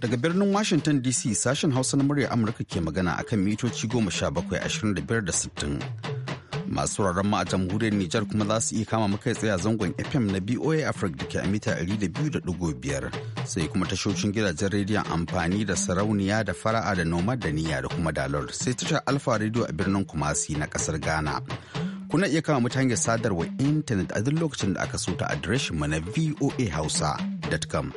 Daga birnin Washington DC sashen Hausa na murya Amurka ke magana akan mitoci goma sha bakwai ashirin da biyar da sittin. Masu wuraren ma a jamhuriyar Nijar kuma za su iya kama muka tsaye a zangon FM na BOA Africa da ke a mita ɗari da biyu da ɗigo biyar. Sai kuma tashoshin gidajen rediyon amfani da sarauniya da fara'a da noma da niyya da kuma dalar Sai tashar Alfa Radio a birnin Kumasi na kasar Ghana. kuna iya kama mutane hanyar sadarwa intanet a duk lokacin da aka so ta adireshin mu na voahausa.com.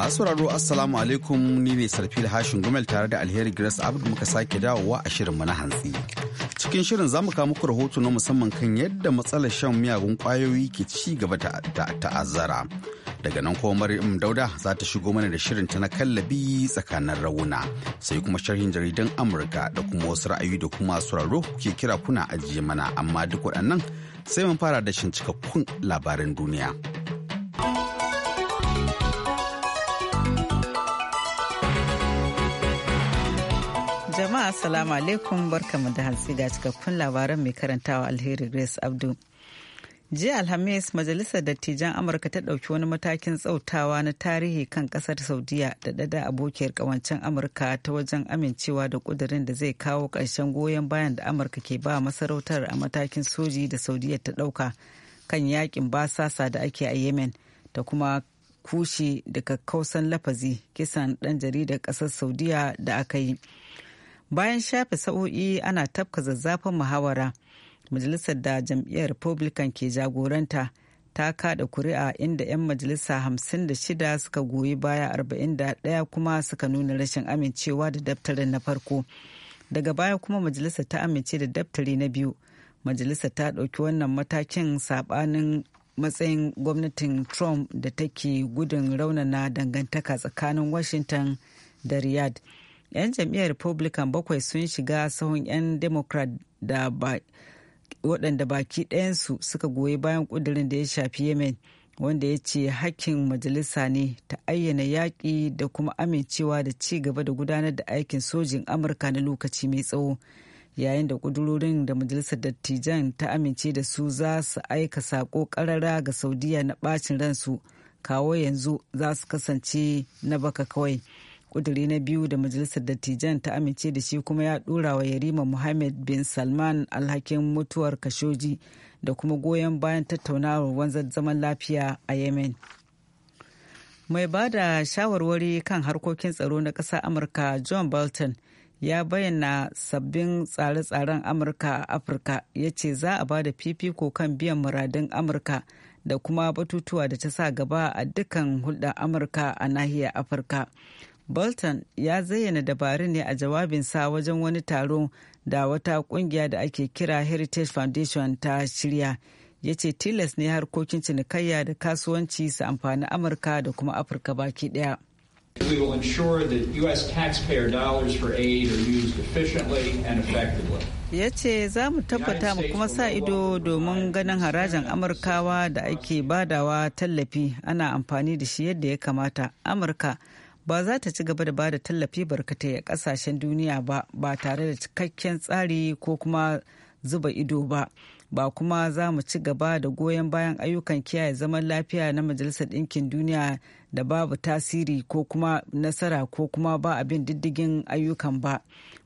Masu sauraro Assalamu alaikum ni ne Sarfil Hashin Gumel tare da Alheri Grace Abdu muka sake dawowa a shirin mu na hantsi. Cikin shirin za mu kawo muku rahoto na musamman kan yadda matsalar shan miyagun kwayoyi ke ci gaba ta'azzara. Daga nan kuma Maryam Dauda za ta shigo mana da shirin ta na kallabi tsakanin rauna. Sai kuma sharhin jaridan Amurka da kuma wasu ra'ayi da kuma sauraro ke kira kuna ajiye mana amma duk waɗannan sai mun fara da shin cikakkun labaran duniya. Assalamu alaikum barkamu da hantsi ga cikakkun labaran mai karantawa alheri Grace Abdu. Jiya Alhamis Majalisar Dattijan Amurka ta ɗauki wani matakin tsautawa na tarihi kan ƙasar Saudiya da ɗada abokiyar ƙawancen Amurka ta wajen amincewa da ƙudurin da zai kawo ƙarshen goyon bayan da Amurka ke ba masarautar a matakin soji da Saudiya ta ɗauka kan yakin basasa da ake a Yemen da kuma kushe daga kausan lafazi kisan ɗan jaridar ƙasar Saudiya da aka yi. bayan shafe sa'o'i ana tafka zazzafin muhawara majalisar da jam'iyyar republican ke jagoranta ta kada kuri'a inda 'yan majalisa 56 suka goyi baya 41 kuma suka nuna rashin amincewa da daftarin na farko daga baya kuma majalisa ta amince da daftari na biyu majalisa ta ɗauki wannan matakin saɓanin matsayin gwamnatin trump da take gudun raunana dangantaka tsakanin washington da riyadh 'yan jam'iyyar republican bakwai sun shiga sahun 'yan democrat da waɗanda baki ɗayansu suka goyi bayan ƙudurin da ya shafi yemen wanda ya ce hakkin majalisa ne ta ayyana yaƙi da kuma amincewa da ci gaba da gudanar da aikin sojin amurka na lokaci mai tsawo yayin da ƙudurorin da majalisar dattijan ta amince da su za su aika saƙo ƙarara ga saudiya na ɓacin ransu kawo yanzu za su kasance na baka kawai kuduri na biyu da majalisar dattijan ta amince da shi kuma ya dora wa yarima muhammad bin salman alhakin mutuwar kashoji da kuma goyon bayan tattaunawar wanzar zaman lafiya a yemen mai ba da shawarwari kan harkokin tsaro na ƙasar amurka john bolton ya bayyana sabbin tsare-tsaren amurka a afirka ya ce za a ba da fifiko kan biyan muradun amurka da kuma batutuwa da ta sa gaba a dukkan hulɗar amurka a nahiyar afirka bolton ya zayyana dabarun ne a jawabinsa wajen wani taro da wata kungiya da ake kira heritage foundation ta shirya ya ce tilas ne harkokin cinikayya da kasuwanci su amfani amurka da kuma afirka baki daya ya ce za mu tabbata mu kuma sa ido domin ganin harajin amurkawa da ake badawa tallafi ana amfani da shi yadda ya kamata amurka ba za ta ci gaba da ba da tallafi barkatai a kasashen duniya ba ba tare da cikakken tsari ko kuma zuba ido ba ba kuma za mu ci gaba da goyon bayan ayyukan kiyaye zaman lafiya na majalisar ɗinkin duniya da babu tasiri ko kuma nasara ko kuma ba abin diddigin ayyukan ba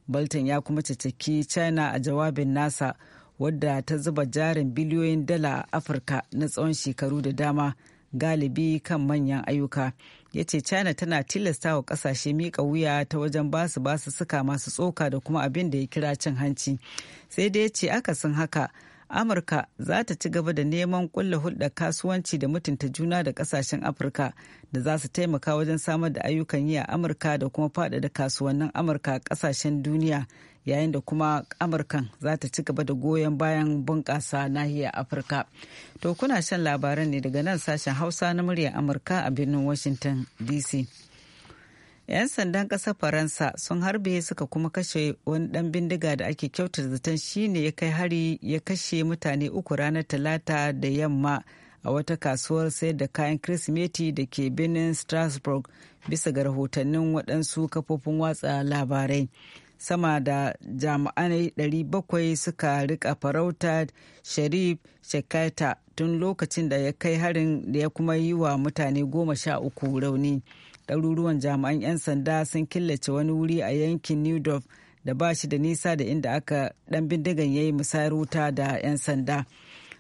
bolton ya kuma ceceki china a jawabin nasa wadda ta zuba jarin biliyoyin dala a afirka na tsawon shekaru da dama galibi kan manyan ayyuka ya ce china tana tilasta wa kasashe mika wuya ta wajen basu basu suka masu tsoka da kuma abin da ya kira cin hanci sai dai ya ce akasin haka amurka za ta ci gaba da neman kulla hulɗar kasuwanci da mutunta juna da kasashen afirka da za su taimaka wajen samar da ayyukan yi a amurka da kuma faɗaɗa kasuwannin amurka a kasashen duniya yayin da kuma amurkan za ta ci gaba da goyon bayan bunƙasa nahiyar afirka to kuna shan labaran ne daga nan sashen hausa na muryar amurka a birnin washington dc 'yan sandan ƙasar faransa sun harbe suka kuma kashe wani ɗan bindiga da ake kyautar zaton shine ya kai hari ya kashe mutane uku ranar talata da yamma a wata kasuwar sayar da kayan kirsimeti da ke birnin strasbourg bisa ga rahotannin waɗansu kafofin watsa labarai sama da jami'ai 700 suka rika farauta sharif shekaita tun lokacin da ya kai harin da ya kuma yi wa mutane goma sha uku rauni ɗaruruwan jami'an 'yan sanda sun killace wani wuri a yankin new Dorf da ba shi da nisa da inda aka ɗan bindigan ya yi wuta da 'yan sanda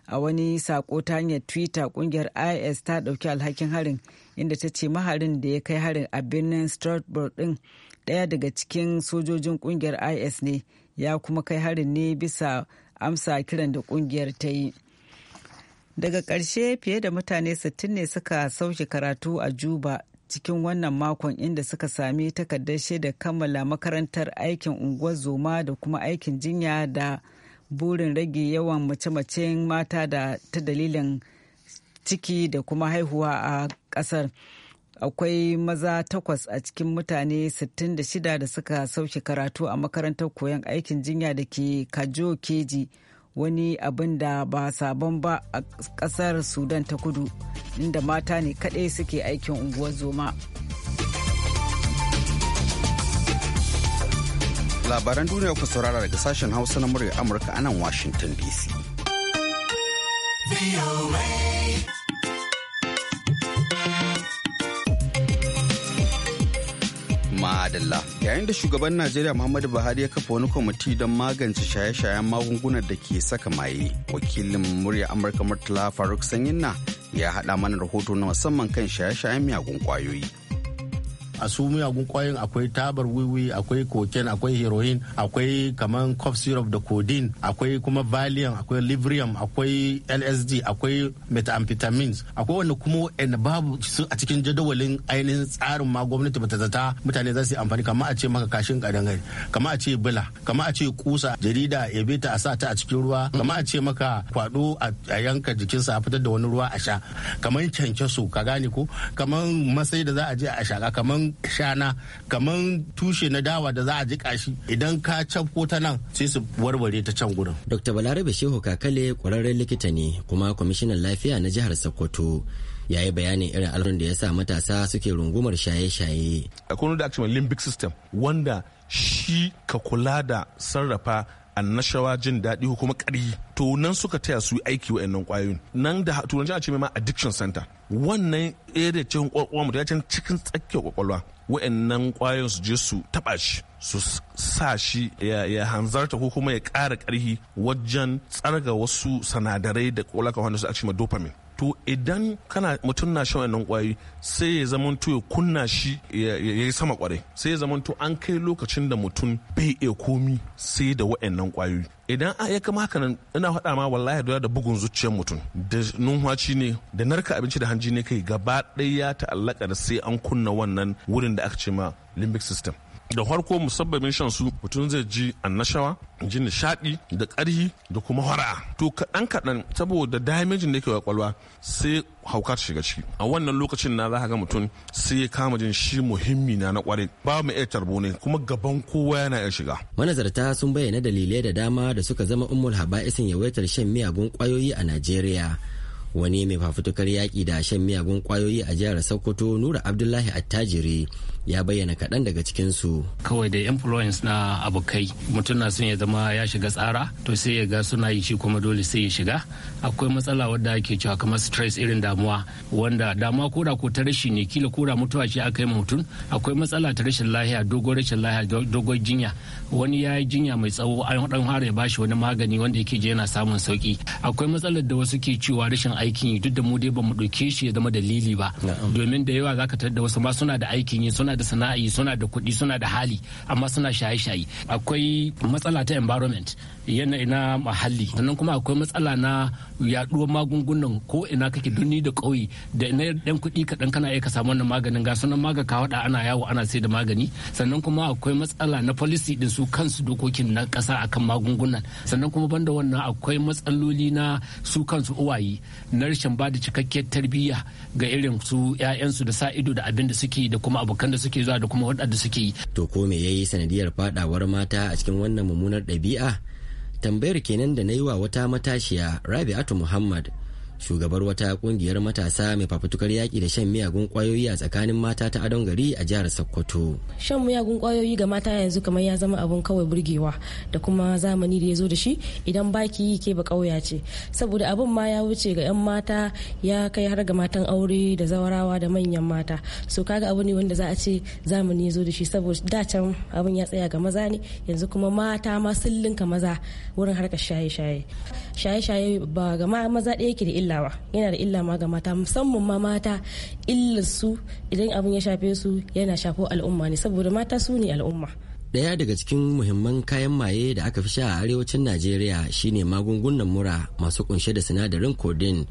a wani sako ta hanyar twitter ƙungiyar is ta ɗauki alhakin harin inda ta ce maharin da ya kai harin a birnin strasbourg ɗin ɗaya daga cikin sojojin ƙungiyar is ne ya kuma kai harin ne bisa amsa kiran da ƙungiyar ta yi daga ƙarshe fiye da mutane 60 ne suka sauke karatu a juba cikin wannan makon inda suka sami takardar shaida kammala makarantar aikin unguwar zoma da kuma aikin jinya da burin rage yawan mace-macen mata da ta dalilin ciki da kuma haihuwa a ƙasar. akwai maza takwas a cikin mutane 66 da suka sauke karatu a makarantar koyon aikin jinya da ke kajo keji wani abin da ba sabon ba a kasar sudan ta kudu inda mata ne kadai suke aikin unguwar zoma labaran duniya ku saurara daga sashen hausa na murya amurka anan washington dc adalla Yayin da shugaban Najeriya Muhammadu Buhari ya kafa wani kwamiti don magance shaye-shayen magungunan da ke saka maye. Wakilin murya Amurka Murtala Faruk Sanyinna ya haɗa mana rahoto na musamman kan shaye-shayen miyagun kwayoyi. a su miyagun kwayoyin akwai tabar wiwi akwai cocaine akwai heroin akwai kaman cough syrup da codeine akwai kuma valium akwai librium akwai lsd akwai methamphetamines akwai wanda kuma wanda babu su a cikin jadawalin ainihin tsarin ma gwamnati bata zata mutane za su yi amfani kamar a ce maka kashin kadangare kamar a ce bila kamar a ce kusa jarida ya bi ta a sa ta a cikin ruwa kamar a ce maka kwado a yanka jikinsa a fitar da wani ruwa a sha kamar kyankyaso ka gane ko kamar masai da za a je a shaka kamar shana kamar tushe na dawa da za a jika shi idan ka cafko ta nan sai su warware ta can gurin. Dr. Balarabe Shehu Kakale kwararren likita ne kuma kwamishinan lafiya na jihar Sokoto. ya yi bayanin irin al'adun da ya sa matasa suke rungumar shaye-shaye. Akwai da limbic system wanda shi ka kula da sarrafa annashawa jin daɗi ko kuma ƙari to nan suka taya su aiki wa'annan ƙwayoyin nan da turanci a ce mai ma addiction center wannan area cikin kwakwalwa mutum ya cikin tsakiyar kwakwalwa wa'annan ƙwayoyin su je su taɓa shi su sa shi ya hanzarta ko kuma ya ƙara ƙarfi wajen tsarga wasu sanadarai da kwakwalwa wanda su ake ma dopamine to idan kana mutum na shan wannan kwayoyi sai ya to ya kunna shi ya yi sama kwarai sai ya zamanto an kai lokacin da mutum bai iya komi sai da wa'annan kwayoyi idan a ya kama haka nan ina faɗa ma wallahi doya da bugun zuciyar mutum da numfashi ne da narka abinci da hanji ne kai gaba ɗaya ya ta'allaka da sai an kunna wannan wurin da aka ce ma limbic system da farko musabbabin shan su mutum zai ji annashawa ji nishaɗi da ƙarhi da kuma hara'a to kaɗan kaɗan saboda damejin da yake wa kwalwa sai haukar shiga ciki a wannan lokacin na za ga mutum sai ya kama jin shi muhimmi na na kwarai ba mu iya tarbo ne kuma gaban kowa yana iya shiga manazarta sun bayyana dalilai da dama da suka zama ummul haba'isin yawaitar shan miyagun kwayoyi a najeriya wani mai fafutukar yaƙi da shan miyagun kwayoyi a jihar sokoto nura abdullahi attajiri ya bayyana kaɗan daga cikinsu. Kawai da influence na abokai mutum na son ya zama ya shiga tsara to sai ya ga suna yi shi kuma dole sai ya shiga. Akwai matsala wadda ake cewa kamar stress irin damuwa wanda damuwa koda ko ta rashi ne kila koda mutuwa ce aka yi mutum akwai matsala ta rashin lahiya dogon rashin lahiya dogon jinya wani ya yi jinya mai tsawo an dan fara ya bashi wani magani wanda yake je yana samun sauki akwai matsalar da wasu ke cewa rashin aikin yi duk da mu dai mu ɗauke shi ya zama dalili ba domin da yawa zaka tarar da wasu ma suna da aikin yi suna da sana'i suna da kuɗi suna da hali amma suna shaye-shaye akwai matsala ta environment yanayi na muhalli sannan kuma akwai matsala na yaduwar magungunan ko ina kake duni da ƙauye da ina ɗan kuɗi kaɗan kana iya ka samu wannan maganin ga sunan maga ka wada ana yawo ana sai da magani sannan kuma akwai matsala na policy din su kansu dokokin na ƙasa akan magungunan sannan kuma banda wannan akwai matsaloli na su kansu uwaye na rashin ba da cikakkiyar tarbiyya ga irin su 'ya'yansu da sa ido da abin da suke da kuma abokan da suke zuwa da kuma waɗanda suke yi. To ko me yayi sanadiyar fadawar mata a cikin wannan mummunar ɗabi'a? Tambayar kenan da na yi wa wata matashiya Rabi'atu Muhammad shugabar wata kungiyar matasa mai fafutukar yaki da shan miyagun kwayoyi a tsakanin mata ta adon gari a jihar sokoto shan miyagun kwayoyi ga mata yanzu kamar ya zama abun kawai burgewa da kuma zamani da ya zo da shi idan baki yi ke ba ƙauya ce saboda abun ma ya wuce ga 'yan mata ya kai har ga matan aure da zawarawa da manyan mata so kaga abu ne wanda za a ce zamani ya zo da shi saboda da can abun ya tsaya ga maza ne yanzu kuma mata ma sun linka maza wurin harkar shaye-shaye shaye-shaye ba ga maza ɗaya yake da illa ba yana da illa ma ga mata musamman ma mata illarsu idan abin ya shafe su yana shafo al'umma ne saboda mata su ne al'umma ɗaya daga cikin muhimman kayan maye da aka fi sha a arewacin Najeriya shine magungunan mura masu kunshe da sinadarin codeine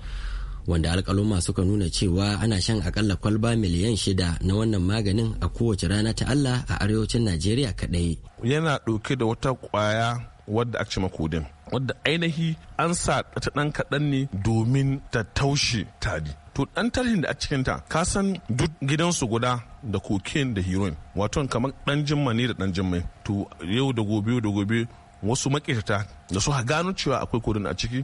wanda alkaluma suka nuna cewa ana shan akalla kwalba miliyan shida na wannan maganin a kowace rana ta Allah a arewacin Najeriya kaɗai. Yana ɗauke da wata ƙwaya wadda aka ce kodin wadda ainihi an sa ta ɗan kaɗan ne domin ta taushe tari to ɗan tarihin da a cikinta ka san duk gidansu guda da cocaine da heroin wato kamar ɗan jimma ne da ɗan jimmai to yau da gobe da gobe wasu makirta da su gano cewa akwai kodin a ciki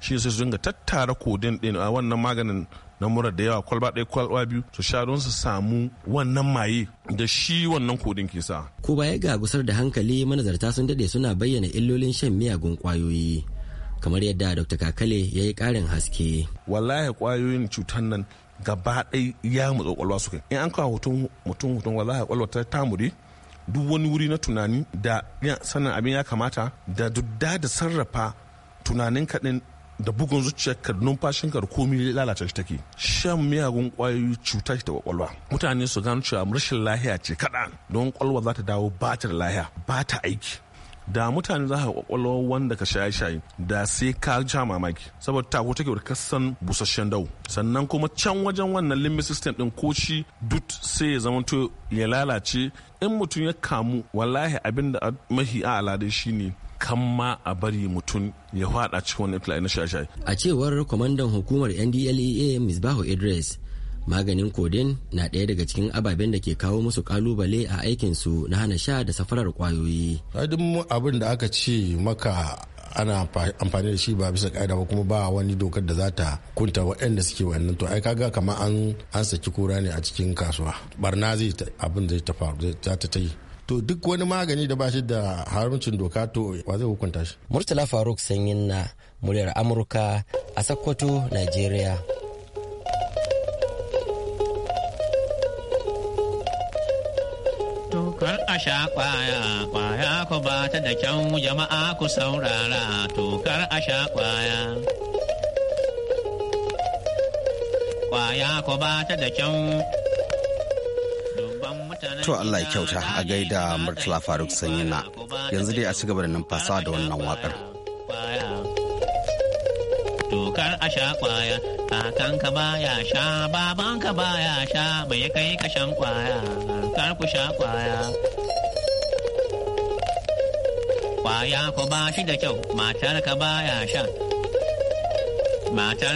shi sai su dinga tattara kodin din a wannan maganin na mura da yawa kwalba ɗaya kwalba biyu to sha don su samu wannan maye da shi wannan kodin ke sa. Ko baya ga gusar da hankali manazarta sun daɗe suna bayyana illolin shan miyagun ƙwayoyi. kamar yadda dr kakale ya yi ƙarin haske wallahi ƙwayoyin cutar nan gaba ɗaya ya mutsa ƙwalwa suka in an kawo hoton mutum hoton wallahi ƙwalwa ta tamure duk wani wuri na tunani da sanin abin ya kamata da dudda da sarrafa tunanin kaɗin da bugun zuciya zuciyarka ka da komi lalace shi take shan miyagun kwayoyi cuta shi ta kwakwalwa mutane su gano cewa rashin lahiya ce kaɗan don kwalwa za ta dawo ba ta da lahiya ba ta aiki da mutane za ka kwakwalwa wanda ka shaye shaye da sai ka ja mamaki saboda ta take da kasan busasshen dau sannan kuma can wajen wannan limbic system din ko shi dut sai ya zama to ya lalace in mutum ya kamu wallahi abinda mahi a alade shine kan ma a bari mutum ya fada cikin wani fulani na shaye A cewar kwamandan hukumar NDLEA Misbahu Idris, maganin kodin na ɗaya daga cikin ababen da ke kawo musu kalubale a aikinsu na hana sha da safarar kwayoyi. Duk abin da aka ce maka ana amfani da shi ba bisa ka'ida ba kuma ba wani dokar da za ta kunta waɗanda suke wannan to ai kaga kamar an an saki kura ne a cikin kasuwa barna zai abin zai ta faru za ta yi to duk wani magani da ba shi da haramcin doka to wa zai hukunta shi murtala faruk sanyin na muryar amurka a sakkwato nigeria Tokar a sha kwaya, kwaya ku ba ta da kyau jama'a ku saurara, Tokar a sha kwaya. Kwaya ku ba ta da kyau To Allah ya kyauta a gaida Murtala Faruk Sanyina. Yanzu dai a ci gaba da numfasa da wannan waƙar. Dokar a sha kwaya, ka baya sha, babanka baya sha, bai kai kashan kwaya, kar ku sha kwaya. Kwaya ku ba shi da kyau, ka baya sha,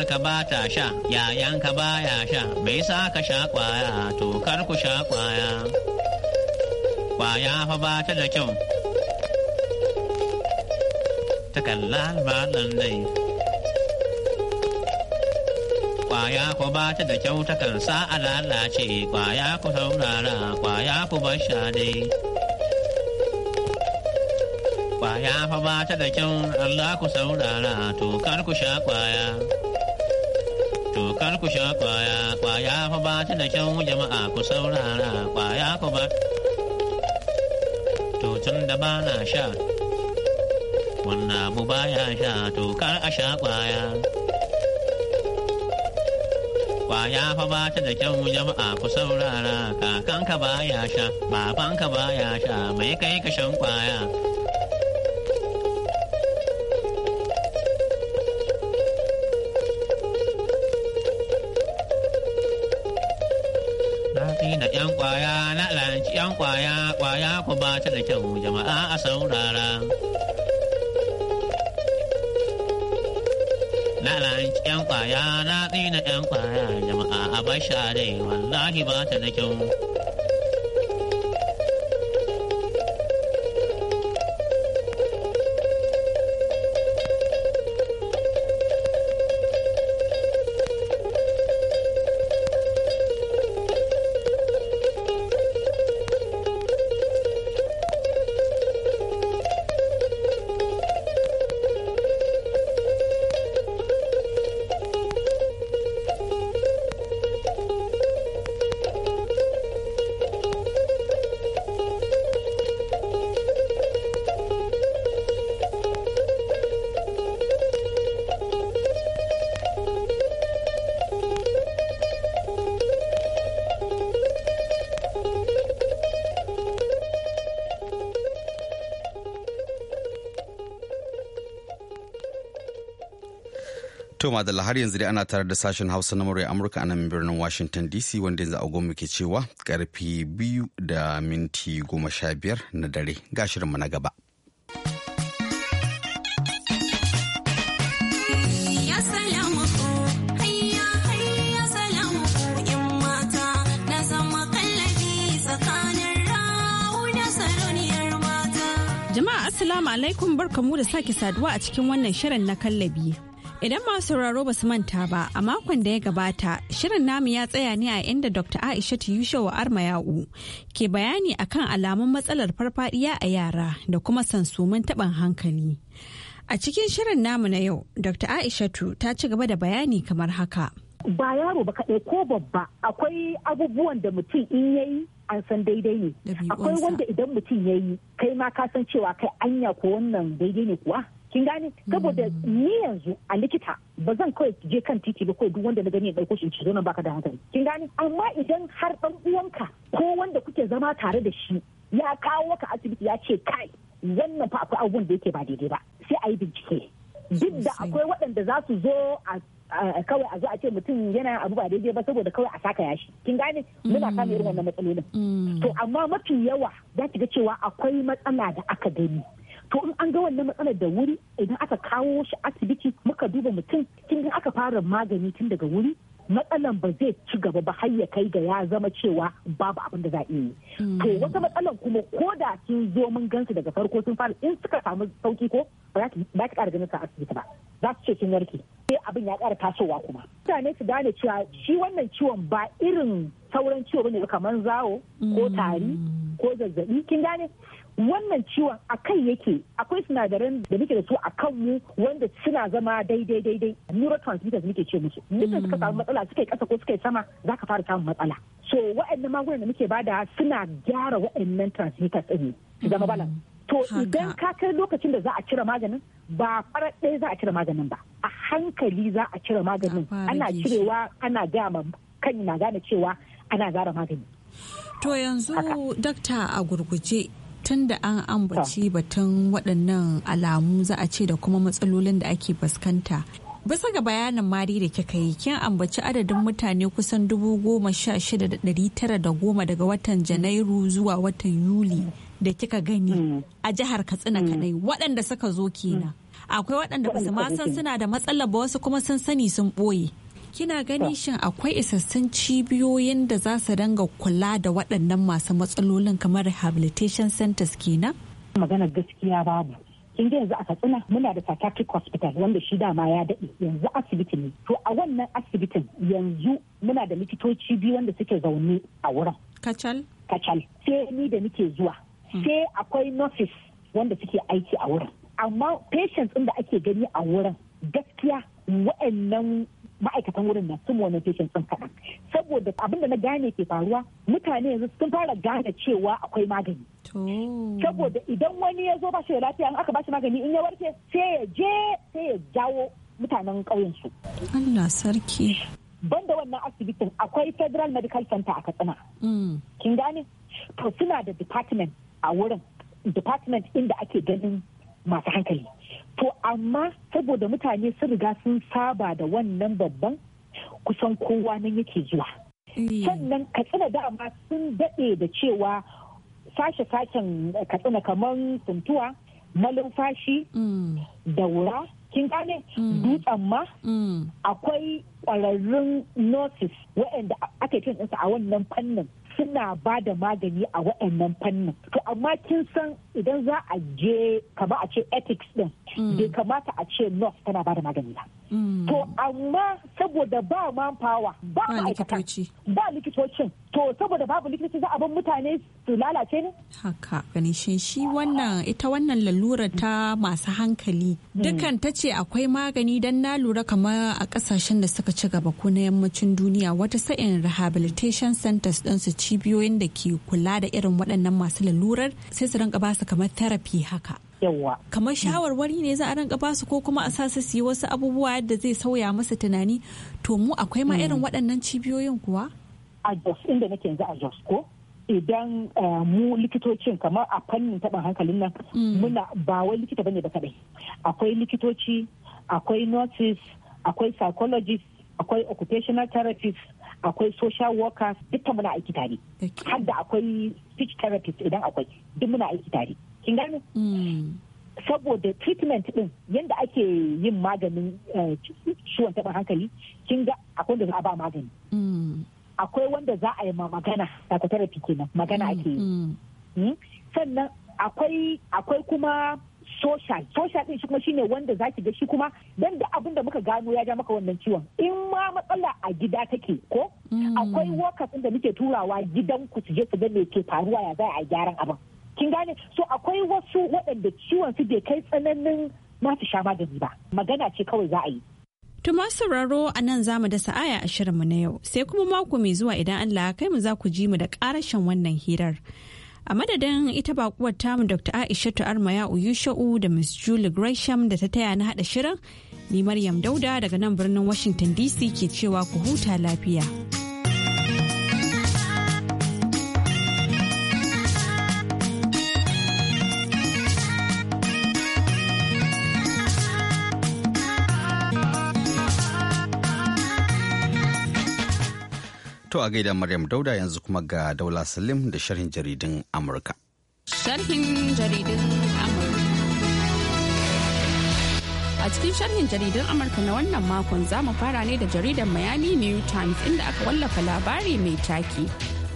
ka ba ta sha yayan ka baya sha bai sa ka sha kwaya to kar ku sha kwaya kwaya fa ba ta da kyau Ta ba nan dai kwaya ku ba ta da kyau takan sa a lalace kwaya ku saurara kwaya ku bar sha dai kwaya fa ba ta da kyau Allah ku saurara Tokar ku sha kwaya Tokar ku sha kwaya kwaya fa ba ta da kyau jama'a ku saurara kwaya ku ba da ba na sha wannan abu baya sha to kar a sha kwaya kwaya fa ba ta da kyau jama'a ku saurara kakanka baya sha babanka baya sha mai kai kashin kwaya da kyau jama'a a saurara. Lalanci ƴan kwaya na tsina 'yan ƙwaya jama'a a basha rai wallahi ba ta da kyau. To madalla har yanzu dai ana tare da sashen Hausa na murya Amurka a nan birnin Washington DC wanda yanzu agogo ke cewa karfi biyu da minti goma sha biyar na dare ga shirinmu na gaba. Jama'a Assalamu alaikum barkamu da sake saduwa a cikin wannan shirin na kallabi Idan masu sauraro ba su manta ba, a makon da ya gabata, shirin namu ya tsaya ne a inda Dr. Aisha Yushewa Armayau ke bayani akan alamun matsalar farfadiya a yara da kuma sansumin taɓin hankali. A cikin shirin namu na yau, Dr. Aishatu ta ci gaba da bayani kamar haka. Ba yaro ba kaɗai ko babba akwai abubuwan da mutum in yayi an san daidai ne. Akwai wanda idan mutum yayi kai ma ka san cewa kai anya ko wannan daidai ne kuwa. kin gane saboda ni yanzu a likita ba zan kawai je kan titi ba kawai duk wanda na gani ya dauko shi zo nan baka da hankali kin gane amma idan har dan uwanka ko wanda kuke zama tare da shi ya kawo ka asibiti ya ce kai wannan fa akwai abubuwan da yake ba daidai ba sai a yi bincike duk da akwai waɗanda za su zo a kawai a zo a ce mutum yana abu ba daidai ba saboda kawai a saka yashi kin gane muna kama irin wannan matsalolin mm. Mm. to amma mafi yawa za ki ga cewa akwai matsala da aka gani to in an ga wannan matsalar da wuri idan aka kawo shi asibiti muka duba mutum kin aka fara magani tun daga wuri matsalan ba zai ci gaba ba har ya kai ga ya zama cewa babu abin da za a yi. Hmm. To wata matsalan kuma ko da sun zo mun gansu daga farko sun fara in suka samu sauki ko ba za ta ƙara ganin sa asibiti ba za su ce kin warke sai abin ya kara tasowa kuma. Mutane su gane cewa shi wannan ciwon ba irin sauran ciwo bane kamar zawo ko tari hmm. ko zazzabi kin gane wannan ciwon a kai yake akwai sinadaran da muke da su a kanmu wanda suna zama daidai daidai neurotransmitters muke ce musu mutum suka samu matsala suka kasa ko suka sama za ka fara samun matsala so waɗannan magungunan da muke bada suna gyara waɗannan transmitters ɗin su zama mm. to idan ka kai lokacin da za a cire maganin ba farar ɗaya za a cire maganin ba a hankali za a cire maganin ana cirewa ana gama kan na gane cewa ana gara magani to yanzu dakta a gurguje tun da an ambaci ah. batun waɗannan alamu za a ce da kuma matsalolin da ake fuskanta bisa ga bayanin mari da kika yi kin ambaci adadin mutane kusan dubu goma sha shida da ɗari tara da goma daga watan janairu zuwa watan yuli da kika gani mm. a jihar katsina mm. kadai waɗanda suka zo kenan mm. akwai waɗanda ba su ma san suna da matsala ba wasu kuma sun sani sun ɓoye kina gani shin akwai isassun cibiyoyin da za su danga kula da waɗannan masu matsalolin kamar rehabilitation centers kenan? magana gaskiya babu in yanzu a katsina muna da psychiatric hospital wanda shi dama ya daɗe yanzu asibiti ne to a wannan asibitin yanzu muna da likitoci biyu wanda suke zaune a wurin kacal kacal sai ni da nike zuwa hmm. sai akwai nurses wanda suke aiki a wurin amma patients inda ake gani a wurin gaskiya wa'annan ma'aikatan wurin na sun wani teshin sun kaɗan saboda abin da na gane ke faruwa mutane yanzu sun fara gane cewa akwai magani saboda idan wani ya zo ba shi da lafiya in aka ba shi magani in ya warke sai ya je sai ya jawo mutanen ƙauyen su Allah sarki banda wannan asibitin akwai federal medical center a katsina mm. kin gane to suna da department a wurin department inda ake ganin masu hankali to amma saboda mutane sun riga sun saba da wannan babban kusan kowa nan yake zuwa eh. sannan katsina dama sun daɗe da cewa sashe-sashen katsina kamar tuntuwa malumfashi mm. daura kin gane mm. dutsen ma mm. akwai ƙwararrun nurses waɗanda ake yi ɗinsa a wannan fannin suna ba da magani a wa'annan fannin to amma kin san idan za a je kama a ce ethics din mm. bai kamata a ce nurse tana ba da magani ba mm. to amma saboda ba manpower ba likitoci. ba likitocin to saboda babu likita za a bar mutane su lalace ne haka gani shi wannan ita wannan lalura ta masu hankali hmm. dukan ta ce akwai magani don na lura kamar a kasashen da suka ci gaba ko na yammacin duniya wata sa'in rehabilitation centers din su cibiyoyin da ke kula da irin waɗannan masu lalurar sai su rinka basu kamar therapy haka yawa kamar shawarwari ne za a ba basu ko kuma a sasa su yi wasu abubuwa yadda zai sauya masa tunani to mu akwai ma hmm. irin waɗannan cibiyoyin kuwa a Jos inda nake yanzu a Jos ko idan eh, mu likitocin kamar a fannin taɓin hankalin nan mm. muna ba wai likita bane ba kaɗai akwai likitoci akwai nurses akwai psychologist akwai occupational therapist akwai social workers dukkan muna aiki tare har da akwai speech therapist idan akwai duk muna aiki tare kin gane mm. saboda treatment din yadda ake yin maganin eh, ciwon taɓin hankali kin ga akwai da za a ba magani mm. akwai wanda za a yi ma magana psychotherapy kenan magana mm, ake yi mm. hmm? sannan akwai kuma social social din shi kuma shine wanda zaki ga shi kuma dan da abin da muka gano ya ja maka wannan ciwon in ma matsala a gida take ko mm. akwai workers da muke turawa gidan ku su je su ga ke faruwa ya za a gyaran abin kin gane so akwai wasu waɗanda ciwon su bai kai tsananin ma su sha magani ba magana ce kawai za a yi Tuma sauraro a nan za mu da sa'aya a shirinmu na yau sai kuma mako mai zuwa idan Allah ya kai mu za ku ji mu da karashen wannan hirar. A madadin ita bakuwar tamu Dr. Aisha Armaya Sha'u da ms Julie Gresham da ta taya na haɗa shirin, ni Maryam Dauda daga nan birnin Washington DC ke cewa ku huta lafiya. To a gaida Maryam Dauda yanzu kuma ga Daula Salim da sharhin jaridun Amurka. Sharhin jaridun Amurka. A cikin sharhin jaridun Amurka na wannan makon za mu fara ne da jaridar Miami New Times inda aka wallafa labari mai taki.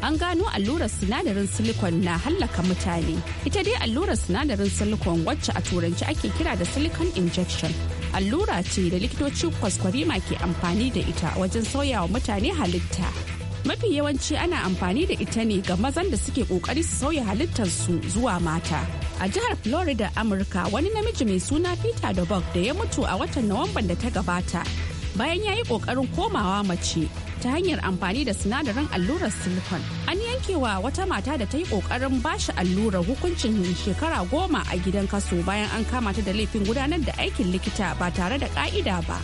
An gano allurar sinadarin silicon na hallaka mutane. Ita dai allurar sinadarin silicon wacce a turanci ake kira da silicon injection. Allura ce da likitoci kwaskwarima ke amfani da ita wajen sauya wa mutane halitta. mafi yawanci ana amfani da ita ne ga mazan da suke kokari su sauya halittarsu zuwa mata a jihar florida amurka wani namiji mai suna peter dobok da ya mutu a watan nuwamban da ta gabata bayan ya yi kokarin komawa mace ta hanyar amfani da sinadarin allurar silicon an yankewa wata mata da ta yi kokarin bashi allurar hukuncin shekara goma a gidan kaso bayan an kama ta da laifin gudanar da aikin likita ba tare da ka'ida ba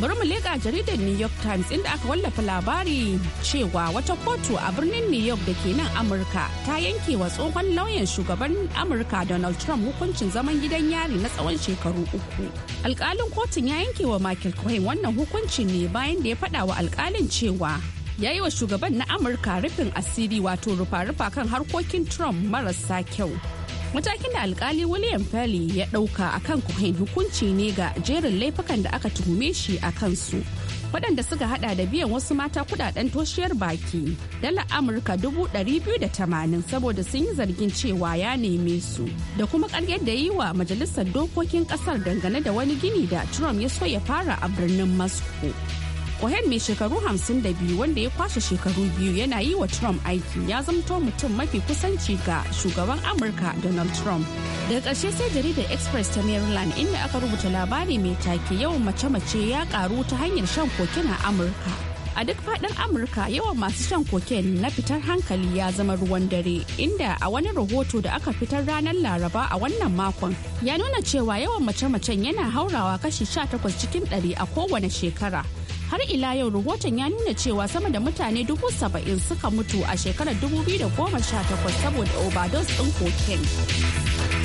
bari mu leƙa jaridar new york times inda aka wallafa labari cewa wata kotu a birnin new york da ke nan amurka ta yanke wa tsohon lauyan shugaban amurka donald trump hukuncin zaman gidan yari na tsawon shekaru uku alkalin kotun ya yanke wa michael cohen wannan hukuncin ne bayan da ya faɗa wa alkalin cewa ya yi wa shugaban na amurka rufin asiri wato rufa-rufa kan harkokin trump marasa kyau matakin da alkali william Pelly ya dauka akan kuhain hukunci ne ga jerin laifukan da aka tuhume shi a kansu waɗanda suka hada da biyan wasu mata kudaden toshiyar baki dala amurka tamanin saboda sun yi zargin cewa ya neme su da kuma karyar da yi wa majalisar dokokin kasar dangane da wani gini da trump ya so ya fara a birnin moscow cohen mai shekaru 52 wanda ya kwashe shekaru biyu yana yi wa trump aiki ya zamto mutum mafi kusanci ga shugaban amurka donald trump daga ƙarshe sai jaridar express ta maryland inda aka rubuta labari mai take yawan mace-mace ya karu ta hanyar shan koken a amurka a duk faɗin amurka yawan masu shan koken na fitar hankali ya zama ruwan dare inda a wani rahoto da aka fitar ranar laraba a wannan makon ya nuna cewa yawan mace-macen yana haurawa kashi 18 cikin ɗari a kowane shekara har ila yau rahoton ya nuna cewa sama da mutane dubu suka mutu a shekarar 2018 saboda overdose ɗin cocaine.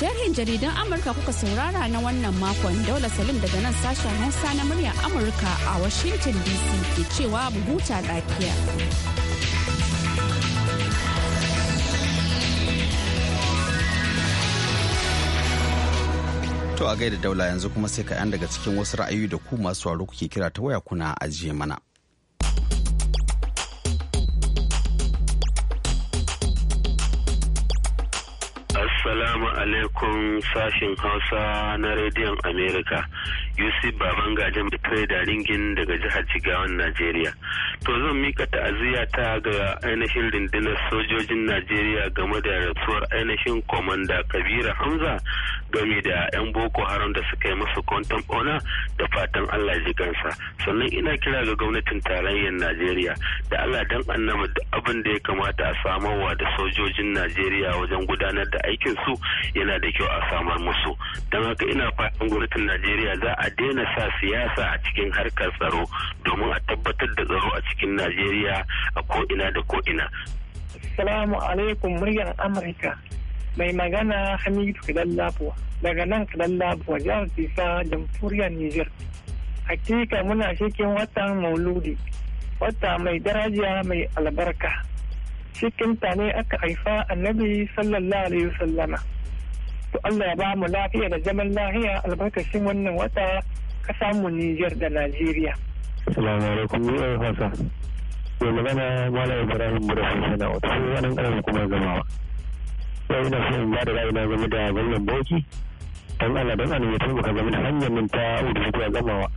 Sharhin jaridan Amurka kuka saurara na wannan makon Daula Salim daga nan sashen Hausa na muryar Amurka a Washington DC ke cewa buhuta lafiya. To a gaida daula yanzu kuma sai ka yan daga cikin wasu ra'ayoyi da ku masu waro kuke kira ta waya kuna ajiye mana. Assalamu alaikum sashen Hausa na rediyon Amerika. Yusuf Bitre da ringin daga jihar Jigawan Najeriya. To zan mika ta'aziyya ta ga ainihin rundunar sojojin Najeriya game da rasuwar ainihin komanda Kabira Hamza game da 'yan boko haram da suka yi masa kwantan ona da fatan allah ji gansa sannan ina kira ga gwamnatin tarayyar najeriya da allah dan annama da abin da ya kamata a samarwa da sojojin najeriya wajen gudanar da aikin su yana da kyau a samar musu don haka ina fatan gwamnatin najeriya za a daina sa siyasa a cikin harkar tsaro domin a tabbatar da tsaro a cikin najeriya a ko ina da ko ko'ina. Salamu alaikum muryar Amurka. mai magana hamidu kadallabuwa daga nan kadallabuwa jihar tisa jamhuriyar niger hakika muna cikin watan mauludi wata mai daraja mai albarka cikin ta ne aka haifa annabi sallallahu alaihi wasallama to allah ya ba mu lafiya da zaman lahiya albarkacin wannan wata ka samu niger da najeriya assalamu alaikum hausa mai magana malam ibrahim mura fasana wata wani ƙarar kuma gamawa yau ina so in ba da ra'ayina game da gwamnan bauchi don allah don allah ya taimaka game da hanyar min ta wuce zuwa gamawa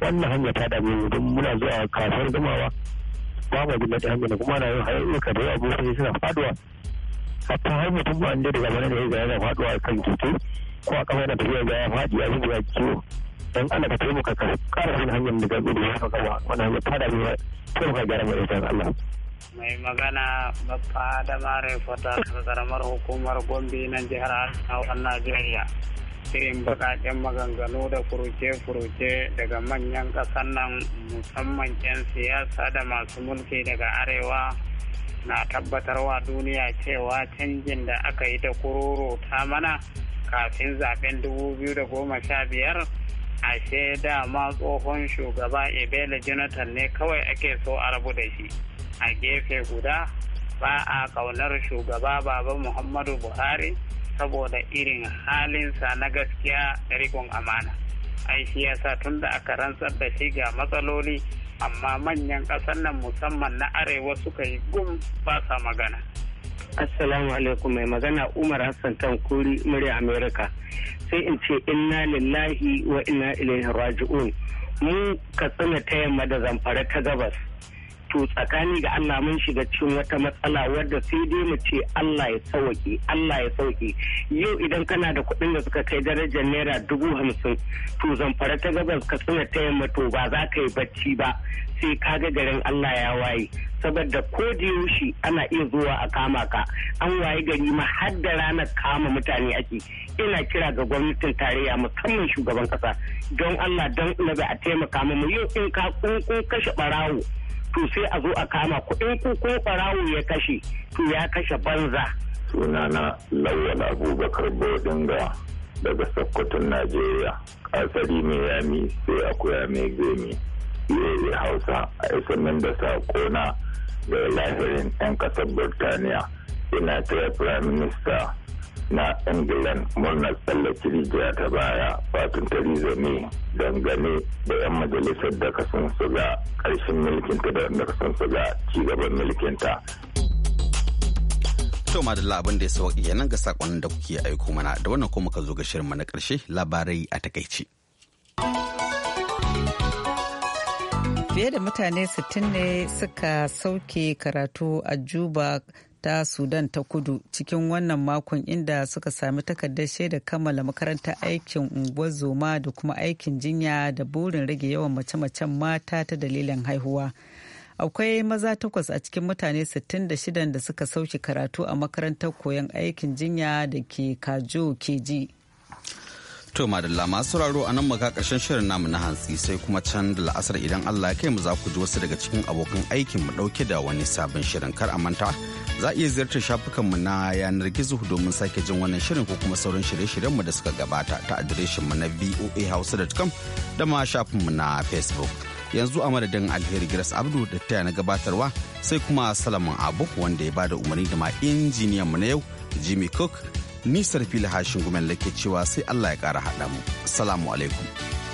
wannan hanya ta dame mu don muna zuwa kasuwar gamawa ba mu jin daɗin hanyar kuma na yau yin hayyuka da yawa mutane suna faduwa hatta har mutum ba an da daga bana ne ya gaya na faduwa kan keke ko a kafa da tafiya ga ya faɗi ya zuba ciwo don allah ka taimaka ka kara wani hanyar da ga gudu ya kama wannan hanyar ta dame mu taimaka gyara mai ita allah mai magana bappa da mare fata karamar hukumar gombe na jihar a najeriya irin bukaken maganganu da furuce-furuce daga manyan ƙasar nan musamman 'yan siyasa da masu mulki daga arewa na tabbatar wa duniya cewa canjin da aka yi da kururu ta mana kafin zaben 2015 ashe dama tsohon shugaba ebele jonathan ne kawai ake so a rabu da shi a gefe guda ba a kaunar shugaba baba muhammadu buhari saboda irin halinsa na gaskiya da rikon amana ai shi yasa tun da aka rantsar da shi ga matsaloli amma manyan ƙasar nan musamman na arewa suka yi gum ba sa magana assalamu alaikum mai magana umar hassan tankuri murya america sai in ce inna lillahi wa inna ilaihi raji'un mu katsina ta yamma da zamfara ta gabas to tsakani ga Allah mun shiga cikin wata matsala wadda sai dai mu ce Allah ya sauke Allah ya sauke yau idan kana da kuɗin da suka kai darajar naira dubu hamsin to zamfara ta gabas ka tsina ta yamma to ba za ka yi bacci ba sai ka ga garin Allah ya waye saboda ko da yaushe ana iya zuwa a kama ka an waye gari ma har da ranar kama mutane ake ina kira ga gwamnatin tarayya musamman shugaban kasa don Allah don nabi a taimaka mu yau in ka kun kashe ɓarawo. to sai a zo a kama kuɗin in ko barawo ya kashe to ya kashe banza sunana lauyan abubakar bodinga daga sokoton najeriya asali mai yami sai akuya mai gemi yayi hausa a isanin da sakona da lahirin 'yan kasar burtaniya ina taya prime minister na England murnar tsallake rijiya ta baya fatan Theresa May dangane da 'yan majalisar da ka sun ga ƙarshen mulkinta da ka sun ga cigaban mulkinta. To madalla abin da ya sauki yanan ga saƙonin da kuke aiko mana da wannan kuma ka zo ga shirin na karshe labarai a takaici. Fiye da mutane 60 ne suka sauke karatu a Juba ta sudan ta kudu cikin wannan makon inda suka sami takardar shaida kammala makarantar aikin unguwar zoma da kuma aikin jinya da burin rage yawan mace-macen mata ta dalilin haihuwa akwai maza takwas a cikin mutane 66 da suka sauke karatu a makarantar koyon aikin jinya da ke kajo keji To madalla masu sauraro a nan maka karshen shirin namu na hantsi sai kuma can da la'asar idan Allah ya kai mu za ku ji wasu daga cikin abokan aikin mu dauke da wani sabon shirin kar a manta za a iya ziyartar shafukan mu na yanar gizo domin sake jin wannan shirin ko kuma sauran shirye-shiryen mu da suka gabata ta adireshin mu na voahausa.com da ma shafin mu na Facebook. Yanzu a madadin Alheri Giras Abdu da taya na gabatarwa sai kuma Salaman Abu wanda ya bada umarni da ma injiniyan mu na yau Jimmy Cook Nisar la hashin gumen lake cewa sai Allah ya ƙara haɗa mu. Salamu alaikum.